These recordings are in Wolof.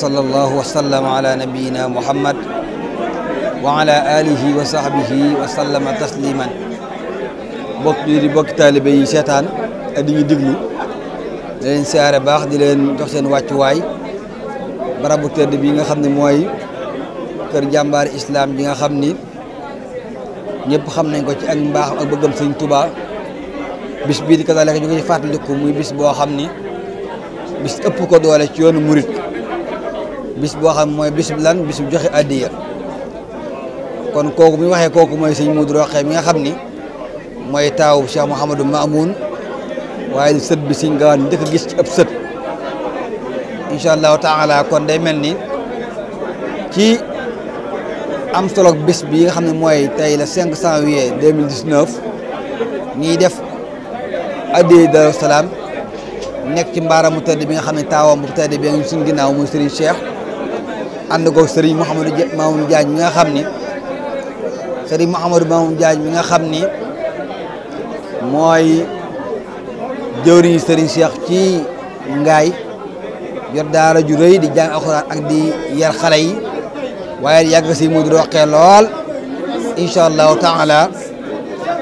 wasala allahu wasallam ala nabiyina muhammad wa ala alihi wa sahbihi wa sallama tasliman bokk di bokki taalibe yi seetaan ak di ñu diglu di leen siyaare baax di leen jox seen wàccuwaay barabu tedd bi nga xam ni mooy kër jàmbaari islam bi nga xam ni ñëpp xam nañ ko ci ak mbaax ak bëggam bis bii ka kasaaleka ñu ko ci fàttaliku muy bis boo xam ni bis ëpp ko doole ci yoonu murit bis boo xam mooy bis bu lan bis bu joxe addiya kon kooku mi waxee kooku mooy sëñ Modou Rokhaya mi nga xam ni mooy taawu Cheikh Mouhamadou Mamoun waaye sët bi sëñ Gawane njëkk a gis ci ab sët incha allahu taala kon day mel ni ci am solo bis bi nga xam ne mooy tey la 5 janvier 2019 ñiy def addiya Daaru Salaam nekk ci mbaaramu tedd bi nga xam ne taawam bu tedd bi ngi suñ ginnaaw muy Serigne Cheikh. ànd ko sëriñ Mouhamadou Mamoun Diagne mi nga xam ni sëriñ Mouhamadou Mamoun Diagne mi nga xam ni mooy jëwriñu sëriñ Cheikh ci ngaay yor daara ju di jàng alxuraan ak di yar xale yi waaye yàgg si mu di roqee lool incha allahu taala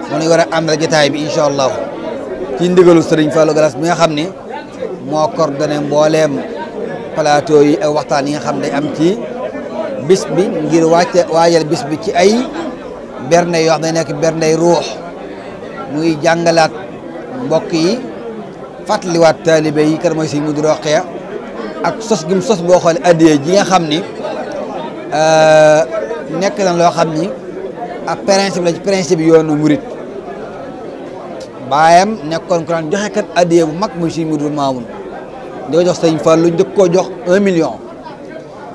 mu ngi war a àndal jotaay bi incha allahu ci ndigalu sëriñ Fallou Galas mi nga xam ni moo coordonné mbooleem plateau yi ay waxtaan yi nga xam day am ci bis bi ngir wàcce waajal bis bi ci ay bernde yoo xam ne nekk bernde ruux muy jàngalaat mbokk yi fàttaliwaat taalibe yi kër mooy si Mudu Roqeya ak sos gim sos boo xoolee addiye ji nga xam ni euh, nekk na loo xam ni ak principe la ci principe yoonu murit baayam nekkoon ku daan joxe kat addiye bu mag muy si Mudu Maamun di ko jox sëñ Fallou njëkk koo jox un million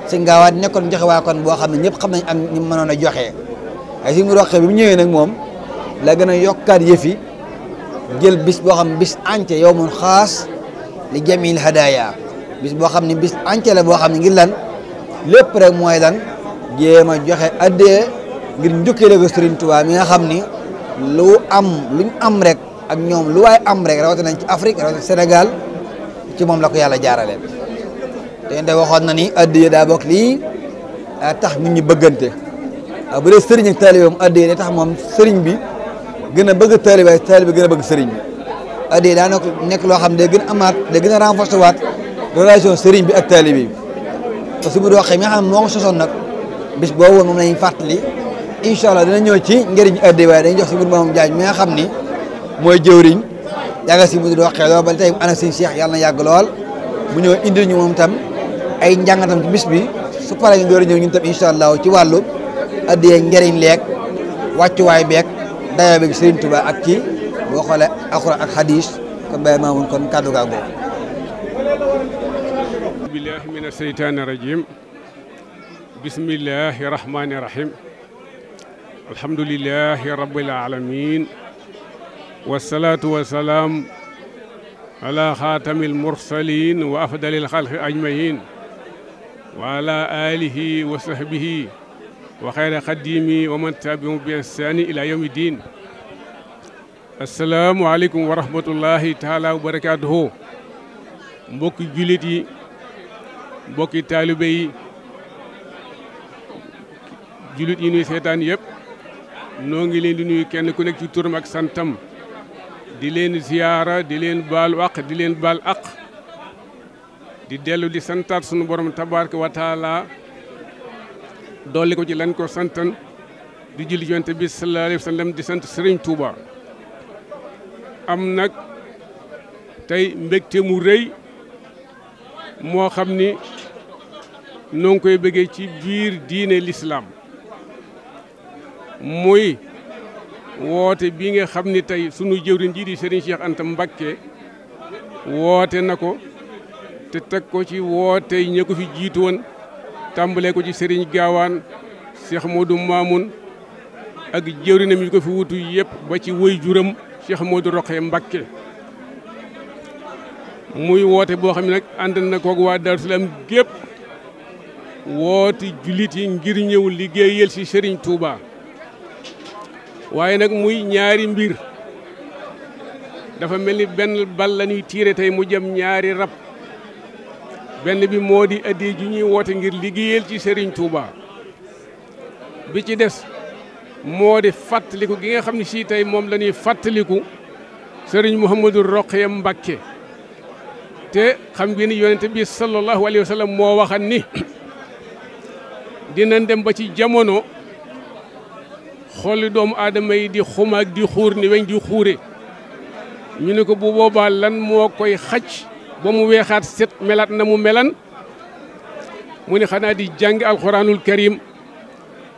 sëñ Gaawaat nekkoon joxe waa kon boo xam ne ñëpp xam nañ ak ñu mënoon a joxe ay suñu roqee bi mu ñëwee nag moom la gën a yokkaat yëf yi jël bis boo xam bis entier yow mun xaas li jamil hadaya bis boo xam ne bis entier la boo xam ne ngir lan lépp rek mooy lan jéem a joxe addee ngir njukkee ko Serigne Touba mi nga xam ni lu am luñ am rek ak ñoom lu waay am rek rawatina ci Afrique Sénégal ci moom la ko yàlla jaarale te de na ni addiya bokk lii tax nit ñi bëggante bu dee sëriñ ak taalibeem addiya day tax moom sëriñ bi gën a bëgg taalibe waaye taalibe bi gën a bëgg sëriñ bi addiya daa nekk loo xam ne day gën amaat day gën a renforcer waat relation sëriñ bi ak taalibe bi te su mu doon waxee mi nga xam moo ko nag bis boobu woon moom lañuy fàttali incha allah dina ñëw ci njëriñ addiya waaye dañuy jox si mbir jaaj mi nga xam ni mooy jëwriñ yàggal si mudi doo xeeloo ba mu ànd ak sëñ yàlla na yàgg lool mu ñëw indil ñu moom tam ay njàngatam ci bis bi su paree ñu door a ñëw tam incha allah ci wàllu addiyee njëriñ leeg wàccuwaay beeg dayoo beeg Serigne Touba ak ci boo xoolee alxuraan ak hadis kon Baye Mamoun kon kàddu gaa boobu wasalaatu wasalaam ala xaatamil mursalin wa afdalil xalqi ajmahin wa ala alihi wa sahbihi wa xayra xadimi wa man tabiahum bi ihsani ila yawmi din asalaamualeykum wa rahmatullahi taala wa barakatuhu mbokki jullit yi mbokki taalibe yi jullit yi nuy seetaan yëpp noo ngi leen di nuyu kenn ku nekk ci turam ak santam di leen ziyaara di leen baal waq di leen baal aq di dellu di santaat sunu borom tabaraka wa taala ko ci lan ko santan di julli jonte bi sallallahu alayhi di sant Serigne tuuba am nag tey mbegte mu réy moo xam ni noo ngi koy bëggee ci biir diine l'islam muy woote bii nga xam ni tey sunu jëwriñ jii di Serigne Cheikh Anta Mbacké woote na ko te teg ko ci woote ña ko fi jiitu woon ko ci Serigne Gaawaan Cheikh Modou Mamoun ak jëwriñam yi ko fi wutu yëpp ba ci woy juram Cheikh Modou Rokhaya Mbacké muy woote boo xam ne nag ànd na koog waa Darou gépp woote jullit yi ngir ñëw liggéeyal ci Serigne Touba. waaye nag muy ñaari mbir dafa mel ni benn bal la ñuy tiire tey mu jëm ñaari rab benn bi moo di addiya ju ñuy woote ngir liggéeyal ci sëriñ Touba bi ci des moo di fàttaliku gi nga xam ne sii tey moom la ñuy fàttaliku Serigne Mouhamadou Rokhaya Mbacké te xam ngeen ni yonent bi sallallahu alayhi wa moo waxan ni dinañ dem ba ci jamono. xooli doomu aadama yi di xumaag di xuur ni weñ di xuure ñu ne ko bu boobaa lan moo koy xaj ba mu weexaat set melaat na mu melan mu ne xanaa di jàng alxuraanul karim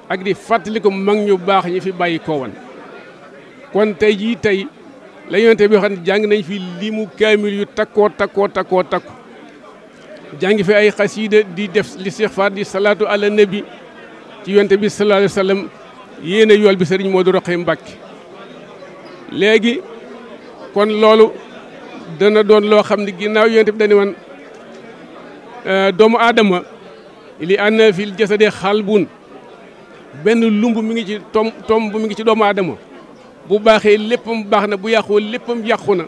ak di fàttali ko mag ñu baax ñi fi bàyyi ko kon tey jii tey la yonent bi xam ne jàng nañ fi mu kaamil yu takkoo takkoo takkoo takku jàng fi ay xasiida di def li istixfaar di salaatu ala nabi ci yonent bi sallallahu alayhi wa yéene yool bi sëriñ Modou Rokhaya Mbacké léegi kon loolu dana doon loo xam ne ginnaaw yonent bi dañu woon euh, doomu aadama li anna fil jasadi xalbun benn lumb mi ngi ci toom tomb mi ngi ci doomu aadama bu baaxee léppam baax na bu yàqoo léppam yàqu na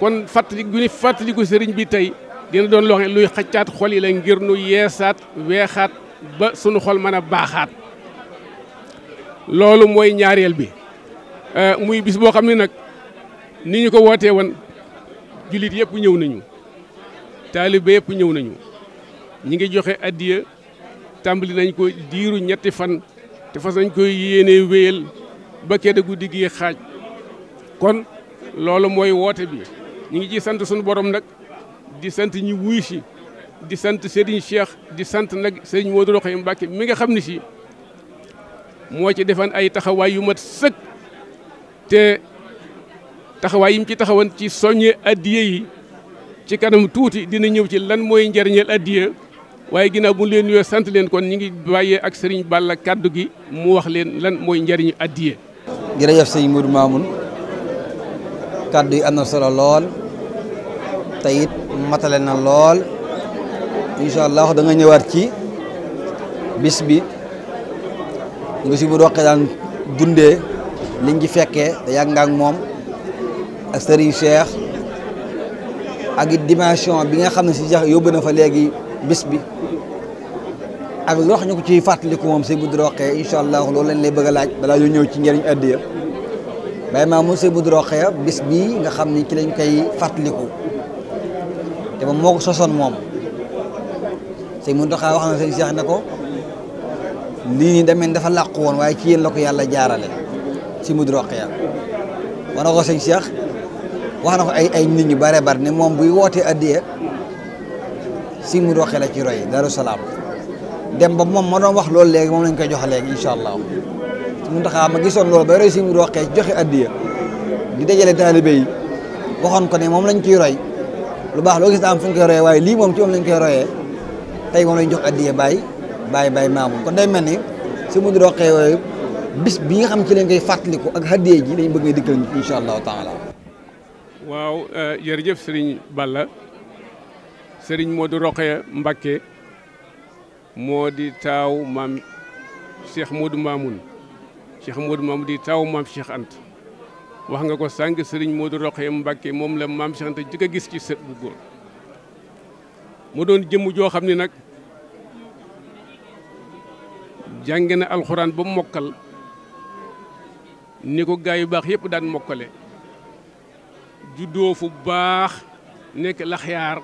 kon fàttali gu ni fàttaliku sëriñ bi tey dina doon loo xam luy xaccaat xol yi la ngir nu yeesaat weexaat ba sunu xol mën a baaxaat loolu mooy ñaareel bi euh, muy bis boo xam ne nag ni ñu ko wootee woon jullit yëpp ñëw nañu taalibe yëpp ñëw nañu ñi ngi joxe addiya tàmbali nañ ko diiru ñetti fan te fas nañ koy yéene wéyal ba kede guddi gi xaaj kon loolu mooy woote bi ñu ngi ciy sant suñu borom nag di sant ñi wuy si di sant Serigne Cheikh di sant nag Serigne Modou Rokhaya Mbacké mi nga xam ni si moo ci defan ay taxawaay yu mat sëkk te taxawaay yi mu ci taxawan ci soññee addiye yi ci kanam tuuti dina ñëw ci lan mooy njariñeel addiye waaye ginnaaw bu leen nuyoo sant leen kon ñu ngi bàyyee ak sëriñ Balla kàddu gi mu wax leen lan mooy njariñu addiye. jërëjëf sëñ Modou Mamoun kàddu yi am na solo lool te it matale na lool incha allah da nga ñëwaat ci bis bi. nga si mu doqee daan dundee liñ ci fekkee da yàgg nga moom ak sëriñ Cheikh ak it dimension bi nga xam ne si jax yóbbu na fa léegi bis bi ak loo xam ñu ko ciy fàttaliku moom sëñ Modou Rokhaya incha allah loolu bëgg laaj balaa ñu ñëw ci njëriñ addiya bay maa mu sëñ Modou Rokhaya bis bii nga xam ni ci lañ koy fàttaliku te moom moo ko sosoon moom sëñ Modou Rokhaya wax na sëñ Cheikh ne ko lii nii demeen dafa làqu woon waaye ci yéen la ko yàlla jaarale si mud roqiya wana wax sëñ Cheikh wax na ko ay ay nit ñu bare bare ne moom buy wootee addiya si mud roqiya la ci roy daru salaam ba moom ma wax loolu léegi moom lañ koy joxe léegi incha allah mun taxaa ma gisoon loolu ba roy si mud joxe addiya di dajale taalibe yi waxoon ko ne moom lañ ciy roy lu baax loo gis daa am fu koy royee waaye lii moom ci moom lañ koy tey moom lañ jox addiya baay bàyyi bàyyi maamu kon day mel ni si mu roqee yooyu bis bi nga xam ci lañ koy fàttaliku ak haddee ji lañ bëgg nga dikkal ñu incha allahu taala. waaw euh, jërëjëf sëriñ Balla sëriñ Modou Rokhaya moo di taaw maam Cheikh Modou Mamoun Cheikh Modou di taaw maam Cheikh wax nga ko sànq sëriñ Modou Rokhaya Mbacké moom la maam Cheikh Anta jëkk a gis ci sët bu góor mu doon jëmm joo xam ne nag. jàng na alxuraan ba mu mokkal ni ko gaa yu baax yëpp daan mokkale juddoo fu baax nekk laxyaar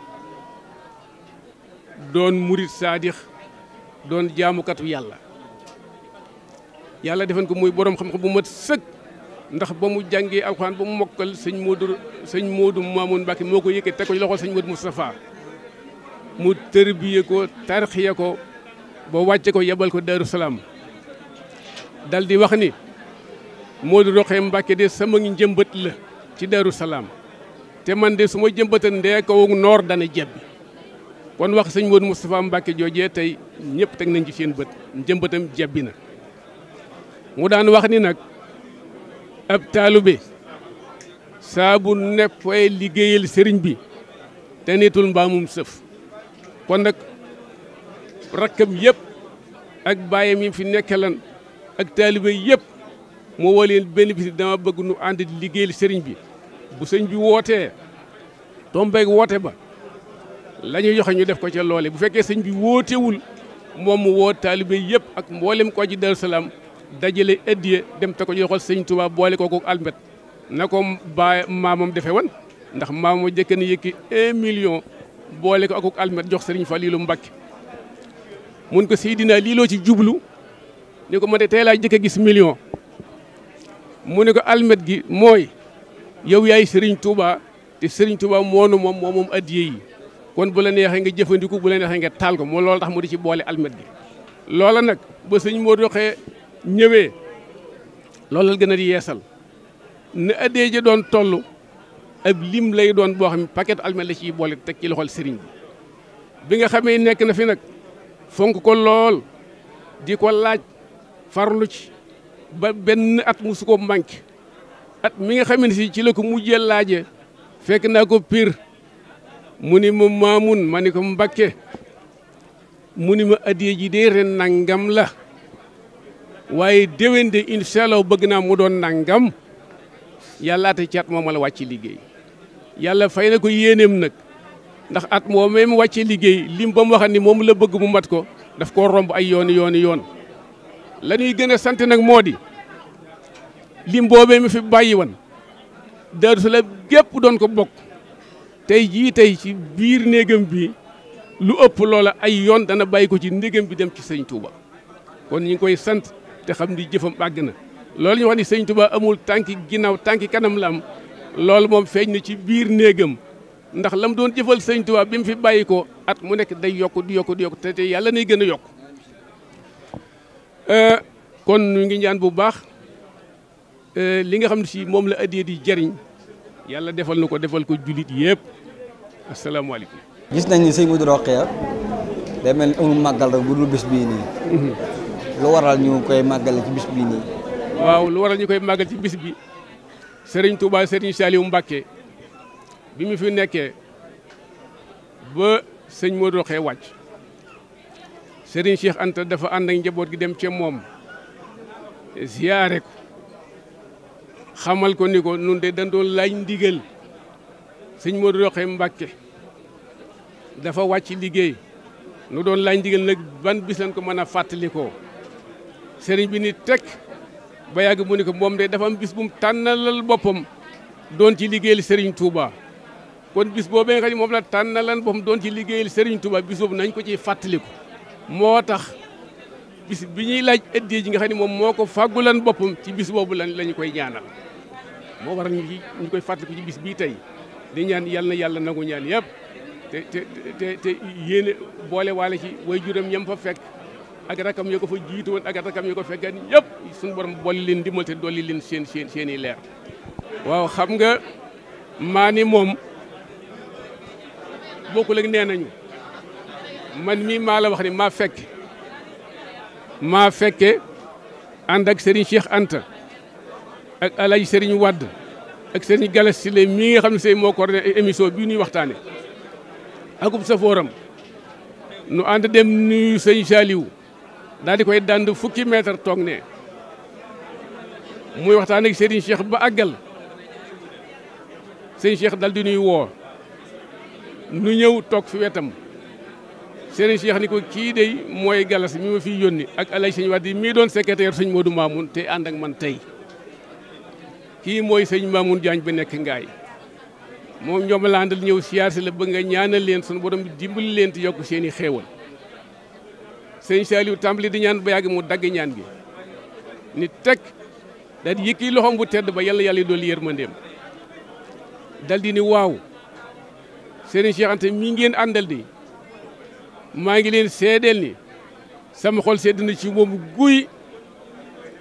doon murit saadix doon jaamukatu yàlla yàlla defan ko muy boroom xam-xam bu mat sëkk ndax ba mu jàngee alxuraan ba mu mokkal sëñ Modou sëñ Modou Mamoun Mbacke moo ko yëkkee teg ko ci loxol sëñ Modou Moustapha mu tërbiye ko tarxiya ko boo wàcce ko yebal ko Daaru Salaam dal di wax ni Modou Rokhaya Mbacké de sama njëmbat la ci Daaru Salaam te man de su ma jëmbatan ndee ko noor dana jebbi kon wax sëñ Modou Moustapha Mbacké joojee tey ñëpp teg nañ ci seen bët njëmbatam jebbi na mu daan wax ni nag ab taalibe saa bu nepp fay liggéeyal sëriñ bi te nitul mbaamum sëf kon nag rakkam yëpp ak bàyyam yi fi nekkalan ak taalibe yëpp moo woo leen benn bis dama nu ànd di sëriñ bi bu sëñ bi wootee tombeeg woote ba la ñu joxe ñu def ko ca loole bu fekkee sëñ bi wootewul moom mu woo taalibe yëpp ak mboolem ko ci Darou Salaam dajale addiye dem te ko joxal sëñ Tuubaa boole kooku almet na ko ba maamam defe woon ndax maamam jëkk na yëkki un million boole ko akuk almet jox sëriñ Faliilu Mbàkke mun ko Seydina lii loo ci jublu ni ko ma de tey njëkk gis million mu ne ko almet gi mooy yow yaay Serigne Touba te Serigne moo moonu moom moo moom addiye yi kon bu la neexee nga jëfandiku bu la neexee nga taal ko moo lool tax mu di ci boole almet gi. loola nag ba sëñ moo doxee ñëwee loolal gën a di yeesal ne addee ja doon toll ab lim lay doon boo xam ne paquet almet la ciy boole teg ci loxol Serigne bi bi nga xamee nekk na fi nag. fonk ko lool di ko laaj farlu ci ba benn at mu su at mi nga xam ne si ci la ko mujjee laaje fekk naa ko piir mu ni ma maamun ma ni ko mbakke mu ni ma addiye ji dee ren nangam la waaye déwén de incha allah bëgg naa mu doon nangam yàllaate caat moom la wàcc liggéey yàlla fay na ko yéeneem nag ndax at moom même wàccee liggéey lim ba mu waxan ni moom la bëgg mu mat ko daf ko romb ay yooni yooni yoon la gën a sant nag moo di lim boobee fi bàyyi woon Daaru Salaam gépp doon ko bokk tey jii tey ci biir néegam bi lu ëpp loola ay yoon dana bàyyi ko ci néegam bi dem ci sëñ kon ñu ngi koy sant te xam di jëfam àgg na loolu ñu wax ni sëñ amul tànki ginnaaw tànki kanam la am loolu moom feeñ na ci biir néegam ndax lam doon jëfal sëñ Tuubaa bi mu fi bàyyi ko at mu nekk day yokk di yokk di yokk te te yàlla nay gën a yokk euh, kon ñu ngi ñaan bu baax euh, li nga xam ne si moom la addee di jariñ yàlla defal nu ko defal ko jullit yëpp asalaamaaleykum. gis nañ ni sëñ Modou Rokhaya day mel ni amul màggal rek bu dul bis bii nii. Mhm. lu waral ñu koy màggal ci bis bii nii. waaw lu waral ñu koy màggal ci bis bi Serigne Touba Serigne Saliou Mbacké. bi mu fi nekkee ba sëñ Modou Rokhaya wàcc sëriñ Cheikh Anta dafa ànd ak njaboot gi dem ca moom ziyaare ko xamal ko ni ko nun de dañ doon laaj ndigal sëñ Modou Rokhaya Mbàkke dafa wàcc liggéey nu doon laaj ndigal nag ban bis lañ ko mën a fàttalikoo sëriñ bi ni tek ba yàgg mu ni ko moom de dafa am bis bu mu tànnalal boppam doon ci liggéeyal sëriñ Touba kon bis boobee nga xam moom la tànnalan ba mu doon ci liggéeyal Serigne Touba bis boobu nañ ko ciy fàttaliku. moo tax bis bi ñuy laaj ëddee ji nga xam ne moom moo ko fàggulan boppam ci bis boobu lan lañu koy ñaanal moo waral ñu ñu koy fàttaliku ci bis bii tey di ñaan yàlla na yàlla nangu ñaan yëpp te te te te yéene boole waale ci way juram ñam fa fekk ak rakam yo ko fa jiitu woon ak rakam yo ko fekkan yëpp suñu borom boole leen dimbal te dolli leen seen seen seen i leer waaw ni moom bokkul ak nee nañu man mii maa la wax ni maa fekk maa fekke ànd ak Serigne Cheikh Anta ak Alaji Serigne Wadd ak Serigne Galas Sile mii nga xam ne sey moo ko coordonné émission bii ñuy waxtaane akub safooram nu ànd dem nuyu sëñ Saliou daal di koy dand fukki mètre toog ne muy waxtaan ak Serigne Cheikh ba àggal sëñ Cheikh dal di nuy woo nu ñëw toog fi wetam sëriñ Cheikh ni ko kii dey mooy galas mi ma fiy yónni ak alay sëñ Wàdd mii doon secrétaire sëñ Modou Mamoun te ànd man tey kii mooy sëñ Mamoun Diagne bi nekk ngaay moo ñoom la ñëw siyaar si la bëgg nga ñaanal leen sunu borom dimbali leen te yokk seeni i sëñ Saliou tàmbali di ñaan ba yàgg mu dagg ñaan gi ni teg daal di yëkki loxoom bu tedd ba yàlla yàlla dool yërmandeem dal di ni waaw Serigne Cheikh mi ngeen àndal di maa ngi leen seedeel ni sama xol sedd na ci moom guy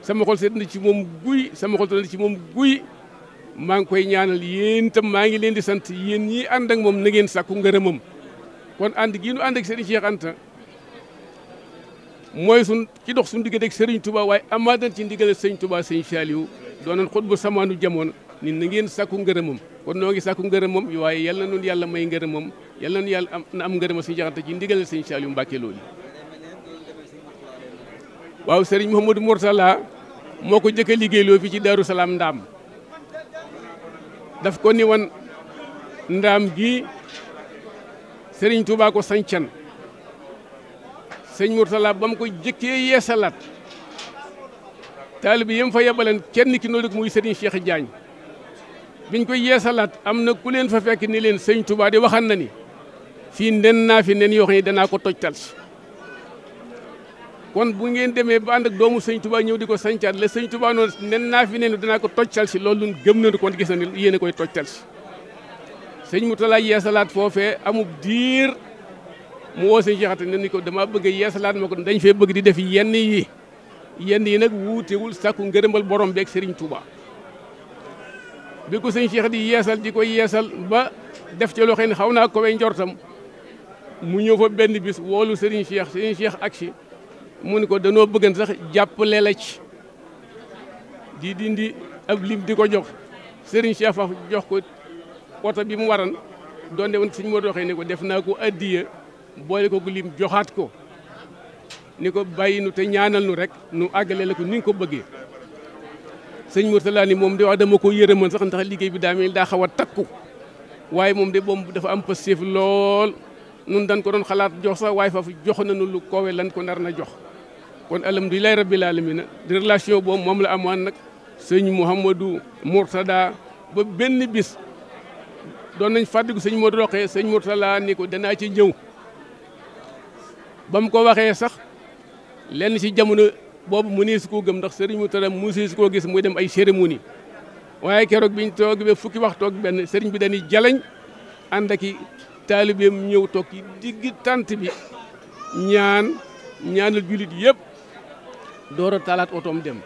sama xol sedd na ci moom guy sama xol ci moom guy maa ngi koy ñaanal yéen itam maa ngi leen di sant yéen ñi ànd ak moom na ngeen sàkku ngërëmam kon ànd gii nu ànd ak Serigne Cheikh sun ci dox sun diggante ak Serigne Touba waaye amaat nañ ci ndigal Serigne Touba Serigne Saliou doonoon xut bu samaanu jamono ni na ngeen sàkku ngërëmam kon noo ngi sàkku ngërëm moom waaye yal na nun yàlla may ngërëm moom yal na nun yàlla na am ngërëm suñu jaxante ci ndigalal sëñ Saliou Mbacke loolu sëriñ Mouhamadou Mourtala moo ko jëkk a liggéeyloo fii ci Darou Salaam ndaam daf ko ni wan ndaam gi sëriñ Touba ko sancan sëñ Mourtala ba mu ko jëkk yeesalaat taalibe yem fa yebaleen kenn ki noo dëkk muy sëriñ Cheikh Diagne biñ koy yeesalaat am na ku leen fa fekk ni leen sëñ di waxan na ni fii nen naa fi nen yoo xam danaa ko tojtal kon bu ngeen demee ba ànd doomu sëñ ñëw di ko sancaat la sëñ Touba noonu nen naa fi nen danaa ko tojtal si loolu gëm nañu kon gis na ni yéen koy tojtal si sëñ Moutalla yeesalaat foofe amu diir mu woo sëñ Cheikh Anta ko dama bëgg yeesalaat ma ko dañ fee bëgg di def yenn yi yenn yi nag wuutewul sàkku ngërëmbal borom beeg sëriñ Touba bi ko sëñ Cheikh di yeesal di ko yeesal ba def ci loxo yi xaw naa ko wey mu ñëw fa benn bis woolu sëriñ Cheikh sëriñ ak si mu ne ko danoo bëggan sax jàppale la ci di dindi ab lim di ko jox sëriñ Cheikh fa jox ko oto bi mu waran doon de woon suñ moo doxee ne ko def naa ko addiya boole ko lim joxaat ko ni ko bàyyi nu te ñaanal nu rek nu àggale la ko ni ko bëggee sëñ Mourtala ni moom de wax dama ko yërëmoon sax ndax liggéey bi daa mel daa xaw a takku waaye moom de moom dafa am positif lool nun dañ ko doon xalaat jox sax waaye foofu jox nañu lu koowee lan ko nar na jox kon alhamdulilahi rabbil na di relation boo moom la amoon nag sëñ Mouhamadou Mourtada ba benn bis doon nañ fàddigu sëñ Modou Roqee sëñ Mourtala ni ko danaa ci ñëw ba mu ko waxee sax lenn ci jamono boobu mu nii su gëm ndax sëriñ mu tëram mu si koo gis muy dem ay cérémonie waaye keroog biñ toog ba fukki wax toog benn sëriñ bi dañuy jaleñ ànd ak i taalibeem ñëw toog ci digg tant bi ñaan ñaanal jullit yëpp door talaat otoom dem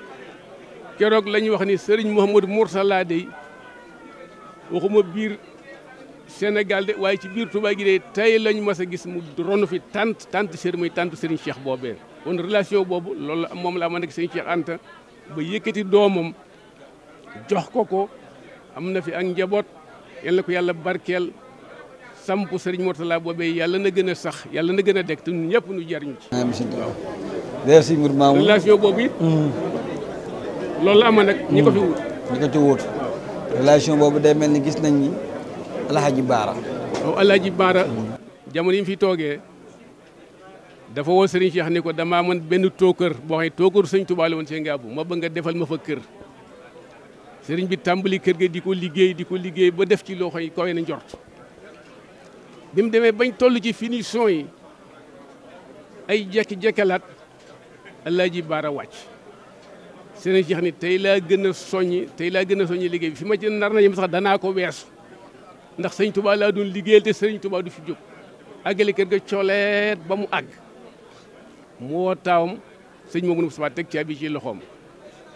keroog la wax ni sëriñ Mouhamadou Moursala dey waxuma biir senegal de waaye ci biir Touba gi de lañu mas a gis mu ronu fi tant tant sër muy tant sëriñ Cheikh boobee kon relation boobu loolu moom la amoon ak sëñ Anta ba yëkkati doomam jox ko ko am na fi ak njaboot yal na ko yàlla barkeel samp sëriñ Mourtala boobee yàlla na gën a sax yàlla na gën a dekk te ñëpp ñu jariñu ci. waaw relation boobu it. Mm. loolu la amoon nag ñi ko fi mm. wut. ñi ko ci wut. relation boobu day mel ni gis nañ ni El Hadj Baara. waaw El Hadj Baara. Mm. jamono yi mu fi toogee. dafa woo Serigne Cheikh ni ko damaa man benn tookër boo xam ne tookër sëñ Tuubaa la ma bëgg nga defal ma fa kër sëriñ bi tàmbali kër ga di ko liggéey di ko liggéey ba def ci loxo yi kawe na njort bi demee bañ toll ci finition yi ay jekki-jekkalaat Alaaji Baara wàcc sëriñ Cheikh ni tey laa gën a soññi tey laa gën a soññi liggéey fi ma ci nar na yem sax danaa ko weesu ndax sëñ Tuubaa laa doon liggéeyal te sëriñ Tuubaa du fi jóg àggale kër ga cooleet ba mu àgg mu woo taawam sëñ Mamadou Moustapha teg caabi ci loxoom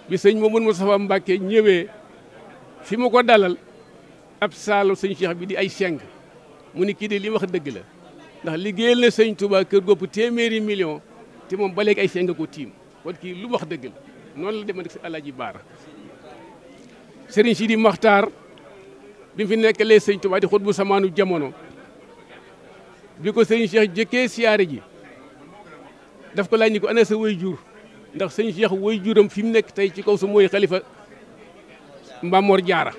bi sëñ Mamadou Moustapha Mbacke ñëwee fi mu ko dalal ab saalu sëñ Cheikh bi di ay seng mu ni kii de li wax dëgg la ndax liggéeyal na sëñ Touba kër gopp téeméeri million te moom ba léegi ay seng ko tiim kon kii lu wax dëgg la noonu la demee nag si Alaaji Baara Serigne Sidi Maxtaar bi fi nekk lee sëñ Touba di xut bu samaanu jamono bi ko sëñ Cheikh jëkkee siyaare ji daf ko laaj ni ko ana sa way jur ndax sëñ Cheikh way juram fi mu nekk tey ci kaw su mooy xalifa Mbamor Jaara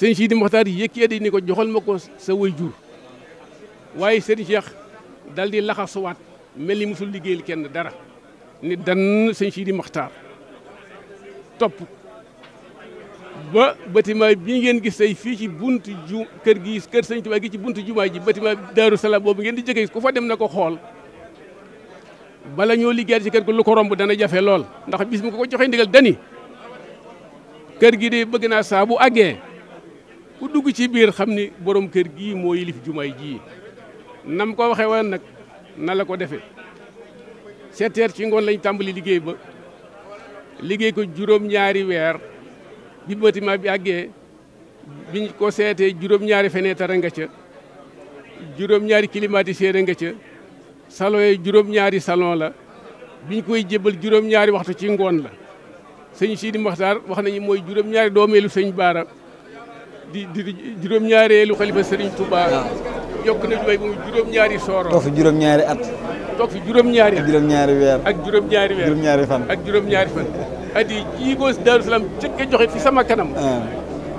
sëñ Sidi Moxtaar yëkkee di ni ko joxal ma ko sa way jur waaye sëñ Cheikh dal di laxasuwaat mel ni musul liggéeyal kenn dara ni dann sëñ Sidi Moxtaar topp ba bâtiment bi ngeen gis tey fii ci bunt ju kër gi kër sëñ Tuubaa gi ci buntu jumaa ji bâtiment Daaru Salaam boobu ngeen di jëkkee ku fa dem na ko xool bala ñoo liggéeyal ci kër gi lu ko romb dana jafe lool ndax bis mu ko joxee ndigal dani kër gi de bëgg naa saa bu àggee ku dugg ci biir xam ni borom kër gii moo yilif jumaay ji nam ko waxe woon nag na la ko defee sept heures ci ngoon lañ tàmbali liggéey ba liggéey ko juróom-ñaari weer bi bâtiment bi àggee biñ ko seetee juróom-ñaari fenêtre nga ca juróom-ñaari climatiseur nga ca salon yi juróom-ñaari salon la biñ koy jébbal juróom-ñaari waxtu ci ngoon la sëñ Sidi Mokhtar wax nañu mooy juróom-ñaari doomeelu sëñ Baara di di juróom-ñaareelu xalifa sëriñ Touba. yokk na jooy muy juróom-ñaari sooro. toog fi juróom-ñaari at. toog juróom-ñaari at ak juróom weer. ak juróom-ñaari weer juróom fan. ak juróom-ñaari fan. at yi kii ko jëkk a joxe fi sama kanam. Ah.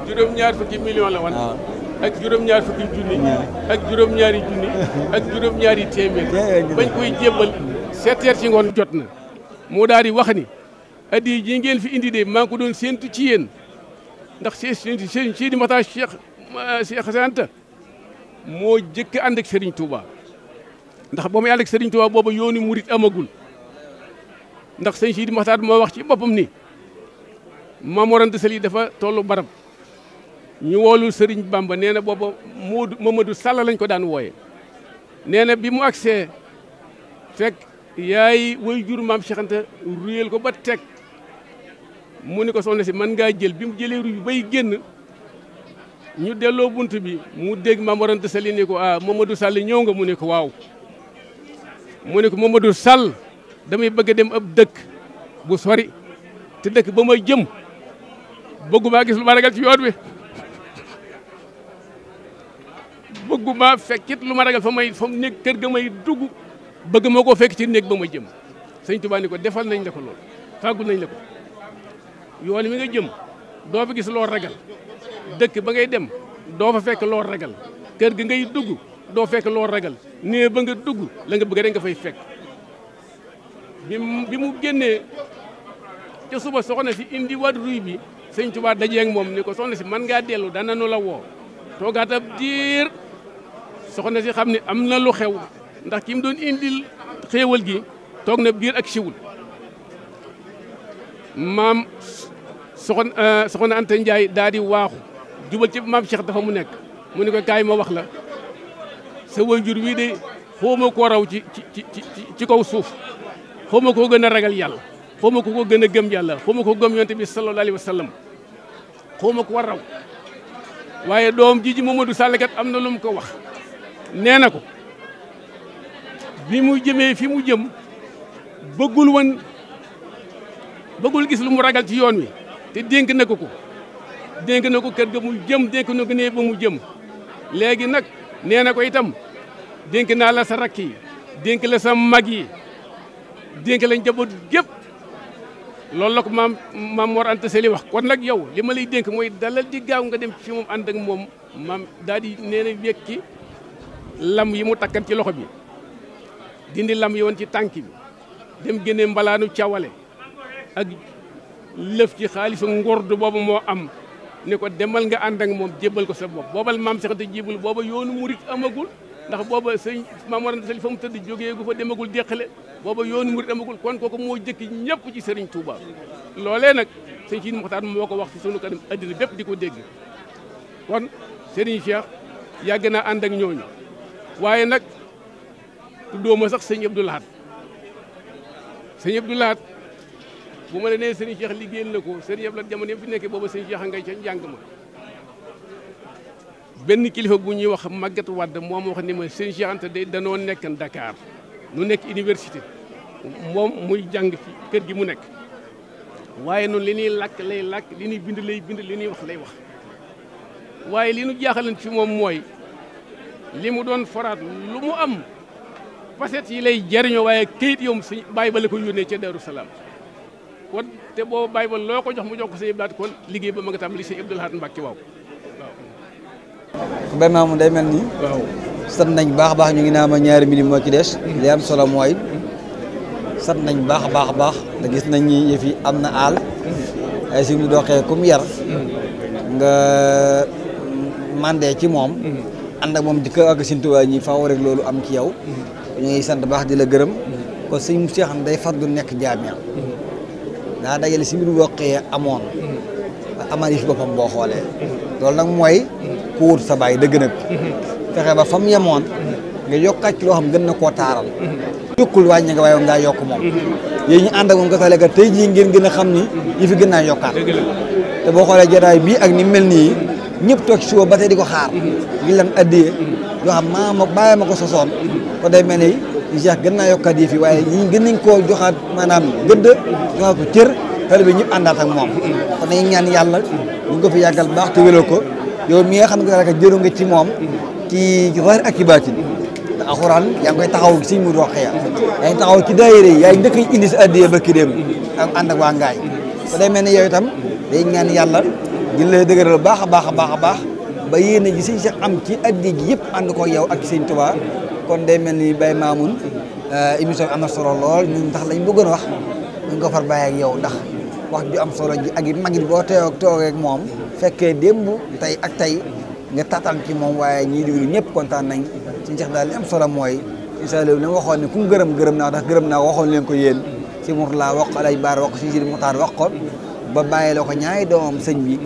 juróom-ñaar fukki million la wan. Ah. ak juróom-ñaar fukki junni. Ah. ak juróom-ñaari junni. ak juróom-ñaari téeméer. bañ koy jébbal sept ci ngoon jot na. moo daal di wax ni at ji ngeen fi indi de maa ngi ko doon séentu ci yéen ndax seen seen Sidi Makhtar Cheikh Cheikh Santa moo jëkk ànd ak Serigne Touba ndax ba muy ànd ak Serigne Touba booba yoonu murit amagul. ndax sëñ Sidi Moxtaar moo wax ci boppam ni Maam dafa tollu barab ñu woolu Sëriñ Bamba nee na booba Moodu Mamadou Sall lañ ko daan wooye nee na bi mu agsee fekk yaay way jur maam Cheikh Anta ko ba teg mu ni ko soxna si man ngaa jël bi mu jëlee ruy bay génn ñu delloo bunt bi mu dégg Maam Mor Anta Sali ni ko ah Mamadou salli ñëw nga mu ne ko waaw mu ne ko Mamadou Sall damay bëgg a dem ab dëkk bu sori te dëkk ba ma jëm bëgguma gis lu ma ragal ci yoon wi bëgguma fekkit lu ma ragal fa may fa mu nekk kër ga may dugg bëgg moo koo fekk ci néeg ba ma jëm sëñ Tuubaa ko defal nañ la ko lool fàggul nañ la ko yoon mi nga jëm doo fa gis loo ragal dëkk ba ngay dem doo fa fekk loo ragal kër ga ngay dugg doo fekk loo ragal nee ba nga dugg la nga bëgg rek nga fay fekk bi mu bi mu génnee ca suba soxna si indi waat ruy bi sëñ Tuubaa dajee ak moom ni ko soxna si man ngaa dellu dana nu la woo toogaat ab diir soxna si xam ne am na lu xew ndax ki mu doon indil xéewal gi toog na biir ak siwul maam soxna eh, soxna Anta Ndiaye daal waaxu jubal ci maam Cheikh dafa mu nekk mu ne ko kaay ma wax la sa waajur wii de xóoma ko raw ci ci ci ci kaw suuf xaw ma koo gën a ragal yàlla xaw ma ku ko gën a gëm yàlla xaw ma ko gëm yonte bi sallallahu alayhi wa sallam xaw ma ko war raw waaye doom ji ji Mamadou Sall kat am na lu ko wax nee na ko bi mu jëmee fi mu jëm bëggul woon bëggul gis lu mu ragal ci yoon wi te dénk na ko ko dénk na ko kër ga mu jëm dénk na ko nee ba mu jëm léegi nag nee na ko itam dénk naa la sa rakk dénk la sa mag yi dénk lañ jaboot gépp loolu la ko maam maam Anta Sali wax kon nag yow li ma lay dénk mooy dalal di gaaw nga dem fi moom ànd ak moom maam daal di nee na wekki lam yi mu takkan ci loxo bi dindi lam yi woon ci tànk bi dem génne mbalaanu cawale ak lëf ci xaalisu ngurdu booba moo am ne ko demal nga ànd ak moom jébbal ko sa bopp boobal maam Seex Anta jébul booba yoonu murit amagul ndax booba sëñ Maam Mor Anta Sali fa mu tëdd jógee gu fa demagul deqale booba yoonu murid amagul kon kooku moo jëkk ñëpp ci Serigne Touba loolee nag sëñ Sidi Moxtaar moo ko wax ci sunu kanam addina bépp di ko dégg kon Serigne Cheikh yàgg naa ànd ak ñooñu waaye nag tuddoo ma sax sëñ Abdou Lahad sëñ Abdou du bu ma la nee Serigne Cheikh liggéeyal na ko Serigne Abdou Lahad jamono yëpp fi nekkee booba sëñ Cheikh a ngay ca njàng ma benn kilifa bu ñuy wax Maguette moo moom wax ni ma seen gante danoo nekken Dakar nu nekk université moom muy jàng fi kër gi mu nekk waaye noonu li ñuy làkk lay làkk li ñuy bind lay bind li ñuy wax lay wax waaye li ñu jaaxalan ci moom mooy li mu doon foraat lu mu am facette yi lay jariñoo waaye kayit yow suñ bàyyi ba la ko yónnee ca Daaru Salaam te boo bàyyi ba loo ko jox mu jox ko sa yëblaat kon liggéey ba ma nga tàmbali sa Abdul Ahad Baye Mamoun day mel nii. sat nañ baax baax ñu ngi naan ma ñaari minute moo ci des. Mm-hmm. li am solo mooy sat nañ baax baax baax te gis nañ ni yëf am na aal. Mm-hmm. ay si mu doxee kum yar. Mm-hmm. nga mandee ci moom. ànd ak moom di ko ak Sëñ Tuubaa ñi faaw rek loolu am ci yow. ñu ngi sant baax di la gërëm. kon sëñ Cheikh day day faddu nekk jaamiya. daa dajale si biir woqee amoon. amaat yi fi boppam boo xoolee. loolu nag mooy. ku wut sa baay dëgg nag mhm. fexe ba fam yemoon nga yokkaat ci loo xam gën na koo taaral mhm. yokkul wàññi nga waaye woon ngaa yokk moom mhm. yéen ñu ànd ak moom gasaleeka tey jii ngeen gën a xam ni yi fi gën naa yokkaat te boo xoolee jataay bii ak ni mel nii ñëpp toog suba ba te di ko xaar ngi lan addiyee yoo xam maa ma bàyyi ma ko sosoon ko day mel ni jeex gën naa yokkaat yi fi waaye ñi gën nañ koo joxaat maanaam gëdd joxaat ko cër tali bi ñëpp àndaat ak moom kon nañ ñaan yàlla ñu ko fi yàggal baax yow mi nga xam ne rek jëru nga ci moom ci zahir ak ci baatin ndax alxuraan yaa ngi koy taxaw ci sëñ mu roqee yaa ngi taxaw ci daayira yi yaa ngi njëkk indi si addiya bëkki dem ak ànd ak waa ngaay so day mel ni yow itam day ñaan yàlla di la dëgëral baax a baax a baax a baax ba yéene ji si Seex am ci addiya ji yëpp ànd koo yow ak sëñ Tuubaa kon day mel ni Baye Mamoun euh, émission bi am na solo lool ñun ndax lañ bëggoon wax dañ ko far bàyyi yow ndax wax ju am solo ji ak it mag boo teew ak ak moom fekkee démb tey ak tey nga tataan ci moom waaye ñii déglu ñëpp kontaan nañ ci njeex daal li am solo mooy incha allah li waxoon ne ku gërëm gërëm naa ndax gërëm naa waxoon leen ko yéen si Mourtala wax ko El Hadj Baar wax ko si Sidi Muxtaar wax ko ba bàyyi la ko ñaari doomam sëñ bi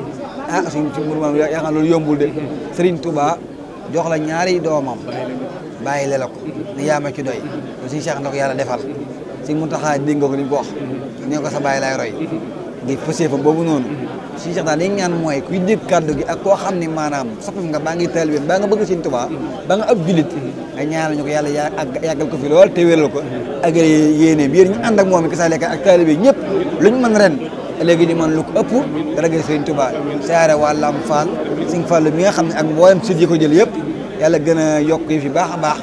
ah suñ ci mur maam yaa yombul de Serigne Touba jox la ñaari doomam bàyyi la la ko ne ci doy suñu Cheikh na ko yàlla defal si Mountakha dégg nga ko li ñu ko ko sa bàyyi laay roy ngi fësee boobu noonu si sax ñaan mooy kuy dégg kàddu gi ak koo xam ni maanaam soppam nga baa ngi taalibe baa nga bëgg seen Tuubaa ba nga ab julit nga ñaanal ñu ko yàlla yàggal ko fi lool te wéral ko ak yéeneem ñu ànd ak moom i kasaaleka ak taalibe ñëpp lu ñu mën ren léegi di man lu ko ëpp darage sëñ baa saare waa Lam Fall Sëñ Fall mi nga xam ne ak mboolem sud yi ko jël yëpp yàlla gën a yokk yi fi baax a baax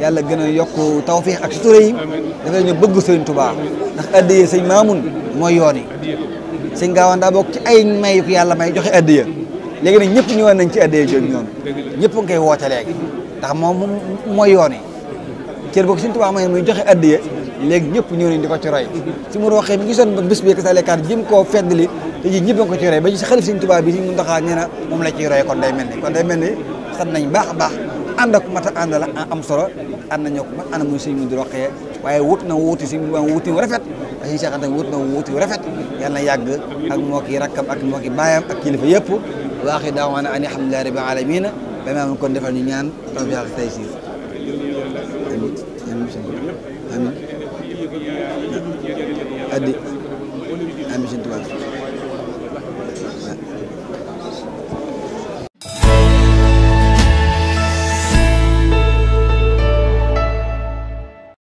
yàlla gën a yokk tawfiix ak sutura yi dafa ñu bëgg sëñ Tuubaa ndax addiyee sëñ Maamun mooy yoon yi sëñ gaawaan daa bokk ci ay may ko yàlla may joxe addiya léegi nag ñëpp ñëwoon nañ ci addiya jooju noonu ñëpp nga koy woote léegi ndax moom mooy yoon yi cër bokk sëñ Tuubaa may muy joxe addiya léegi ñëpp ñëw nañ di ko ci roy si mu roxee mi ngi son bis bi kasalekaat koo feddli te ji ñëpp a ngi ko ci roy ba ci xalif sëñ bi si mun doxaa nee na moom la ciy roy kon day mel ni kon day mel ni xam nañ baax a baax ànd ak mat a la am solo ànd nañoo ko man ana muy sëñ mu di roqee waaye wut na wuuti si wuuti wu rafet a siñu seexante wut na wuuti wu rafet yàlla na yàgg ak moo ki rakkam ak moo ki baayam ak kilifa yëpp waaxi daawaana ani alhamdulillahi rabbil alamina ba ma am kon defal ñu ñaan taw yàlla tay siir addi